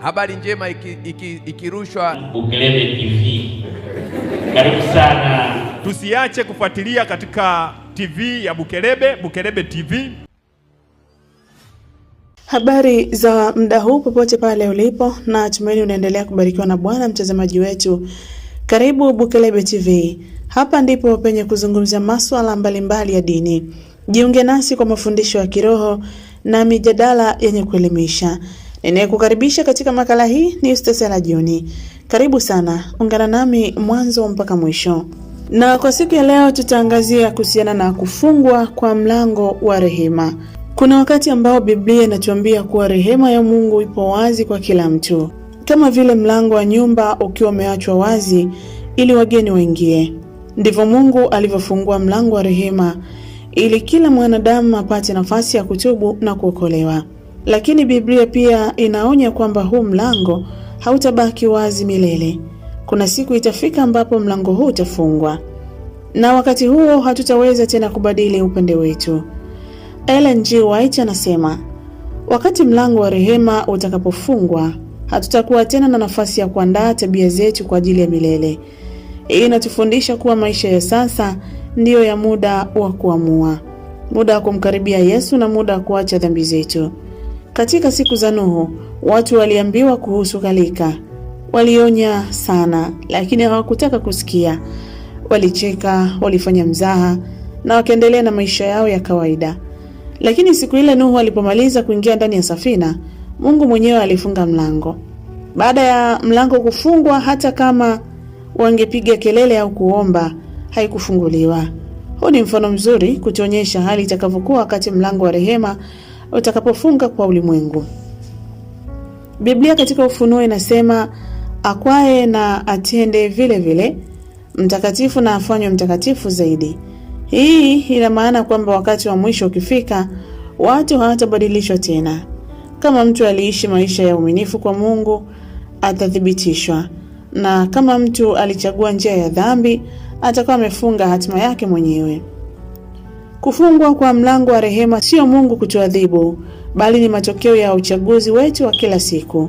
Habari njema ikirushwa iki, iki Bukelebe TV. Karibu sana, tusiache kufuatilia katika TV ya Bukelebe, Bukelebe TV. Habari za muda huu popote pale ulipo, na tumaini unaendelea kubarikiwa na Bwana mtazamaji wetu. Karibu Bukelebe TV. Hapa ndipo penye kuzungumzia masuala mbalimbali ya dini. Jiunge nasi kwa mafundisho ya kiroho na mijadala yenye kuelimisha. Ninayekukaribisha katika makala hii ni Yustasela Juni. Karibu sana, ungana nami mwanzo mpaka mwisho. Na kwa siku ya leo tutaangazia kuhusiana na kufungwa kwa mlango wa rehema. Kuna wakati ambao Biblia inatuambia kuwa rehema ya Mungu ipo wazi kwa kila mtu, kama vile mlango wa nyumba ukiwa umeachwa wazi ili wageni waingie. Ndivyo Mungu alivyofungua mlango wa rehema ili kila mwanadamu apate nafasi ya kutubu na kuokolewa. Lakini Biblia pia inaonya kwamba huu mlango hautabaki wazi milele. Kuna siku itafika ambapo mlango huu utafungwa, na wakati huo hatutaweza tena kubadili upande wetu. Ellen G. White anasema, wakati mlango wa rehema utakapofungwa, hatutakuwa tena na nafasi ya kuandaa tabia zetu kwa ajili ya milele. Hii inatufundisha kuwa maisha ya sasa ndiyo ya muda wa kuamua, muda wa kumkaribia Yesu na muda wa kuacha dhambi zetu. Katika siku za Nuhu watu waliambiwa kuhusu gharika. Walionya sana lakini hawakutaka kusikia. Walicheka, walifanya mzaha na wakaendelea na maisha yao ya kawaida. Lakini siku ile Nuhu alipomaliza kuingia ndani ya safina, Mungu mwenyewe alifunga mlango. Baada ya mlango kufungwa, hata kama wangepiga kelele au kuomba, haikufunguliwa. Huu ni mfano mzuri kutuonyesha hali itakavyokuwa wakati mlango wa rehema utakapofunga kwa ulimwengu. Biblia katika Ufunuo inasema akwaye na atende vile vile, mtakatifu na afanywe mtakatifu zaidi. Hii ina maana kwamba wakati wa mwisho ukifika, watu hawatabadilishwa tena. Kama mtu aliishi maisha ya uaminifu kwa Mungu, atathibitishwa, na kama mtu alichagua njia ya dhambi, atakuwa amefunga hatima yake mwenyewe. Kufungwa kwa mlango wa rehema sio Mungu kutuadhibu, bali ni matokeo ya uchaguzi wetu wa kila siku.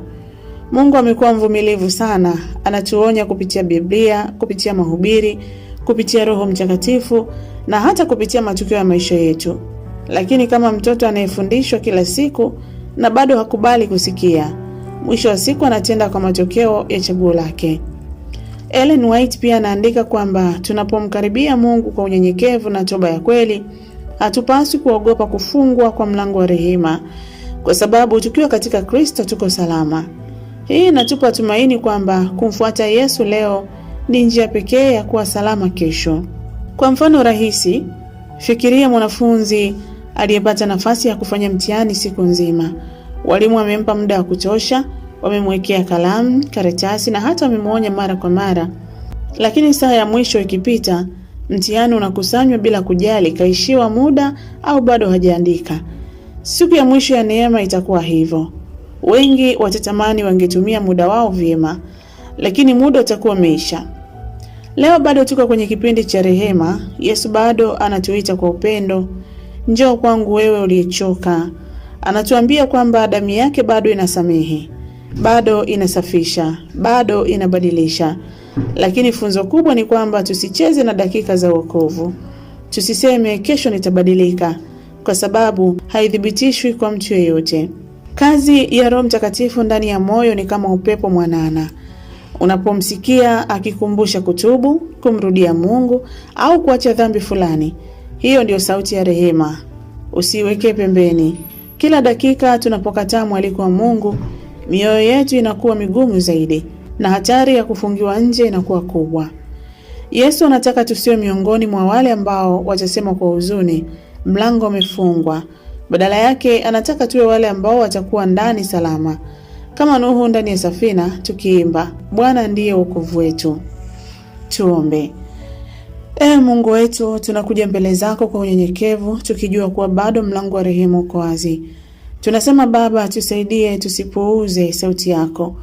Mungu amekuwa mvumilivu sana, anatuonya kupitia Biblia, kupitia mahubiri, kupitia Roho Mtakatifu na hata kupitia matukio ya maisha yetu. Lakini kama mtoto anayefundishwa kila siku na bado hakubali kusikia, mwisho wa siku anatenda kwa matokeo ya chaguo lake. Ellen White pia anaandika kwamba tunapomkaribia Mungu kwa unyenyekevu na toba ya kweli, hatupaswi kuogopa kufungwa kwa mlango wa rehema, kwa sababu tukiwa katika Kristo tuko salama. Hii inatupa tumaini kwamba kumfuata Yesu leo ni njia pekee ya kuwa salama kesho. Kwa mfano rahisi, fikiria mwanafunzi aliyepata nafasi ya kufanya mtihani siku nzima. Walimu amempa muda wa kutosha Wamemwekea kalamu, karatasi na hata wamemwonya mara kwa mara, lakini saa ya mwisho ikipita, mtihani unakusanywa bila kujali kaishiwa muda au bado hajaandika. Siku ya mwisho ya neema itakuwa hivyo. Wengi watatamani wangetumia muda wao vyema, lakini muda utakuwa umeisha. Leo bado tuko kwenye kipindi cha rehema. Yesu bado anatuita kwa upendo, njoo kwangu wewe uliyechoka. Anatuambia kwamba damu yake bado inasamehe bado inasafisha, bado inabadilisha. Lakini funzo kubwa ni kwamba tusicheze na dakika za wokovu. Tusiseme kesho nitabadilika, kwa sababu haithibitishwi kwa mtu yeyote. Kazi ya Roho Mtakatifu ndani ya moyo ni kama upepo mwanana. Unapomsikia akikumbusha kutubu, kumrudia Mungu au kuacha dhambi fulani, hiyo ndiyo sauti ya rehema. Usiiwekee pembeni. Kila dakika tunapokataa mwaliko wa Mungu mioyo yetu inakuwa migumu zaidi na hatari ya kufungiwa nje inakuwa kubwa. Yesu anataka tusiwe miongoni mwa wale ambao watasema kwa huzuni, mlango umefungwa. Badala yake, anataka tuwe wale ambao watakuwa ndani salama, kama Nuhu ndani ya safina, tukiimba Bwana ndiye wokovu wetu. Tuombe. Ee Mungu wetu, tunakuja mbele zako kwa unyenyekevu, tukijua kuwa bado mlango wa rehema uko wazi. Tunasema Baba, tusaidie tusipuuze sauti yako,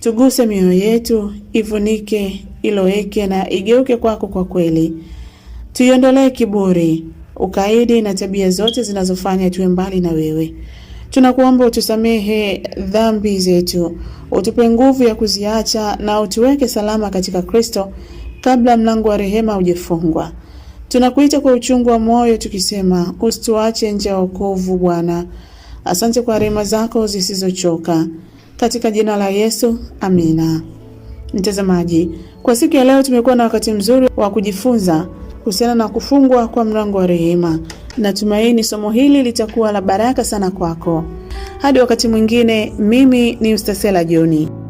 tuguse mioyo yetu, ivunike, iloweke na igeuke kwako kwa kweli. Tuiondolee kiburi, ukaidi na tabia zote zinazofanya tuwe mbali na wewe. Tunakuomba utusamehe dhambi zetu, utupe nguvu ya kuziacha na utuweke salama katika Kristo kabla mlango wa rehema ujefungwa Tunakuita kwa uchungu wa moyo tukisema, usituache nje ya wokovu Bwana. Asante kwa rehema zako zisizochoka, katika jina la Yesu, amina. Mtazamaji, kwa siku ya leo tumekuwa na wakati mzuri wa kujifunza kuhusiana na kufungwa kwa mlango wa rehema. Natumaini somo hili litakuwa la baraka sana kwako. Hadi wakati mwingine, mimi ni Ustasela Joni.